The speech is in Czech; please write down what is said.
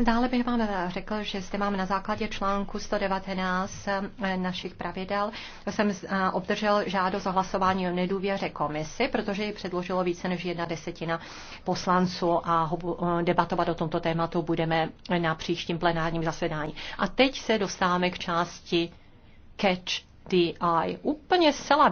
Dále bych vám řekl, že zde mám na základě článku 119 eh, našich pravidel, jsem eh, obdržel žádost o hlasování o nedůvěře komisi, protože ji předložilo více než jedna desetina poslanců a eh, debatovat o tomto tématu budeme na příštím plenárním zasedání. A teď se dostáváme k části Catch the Eye. Úplně zcela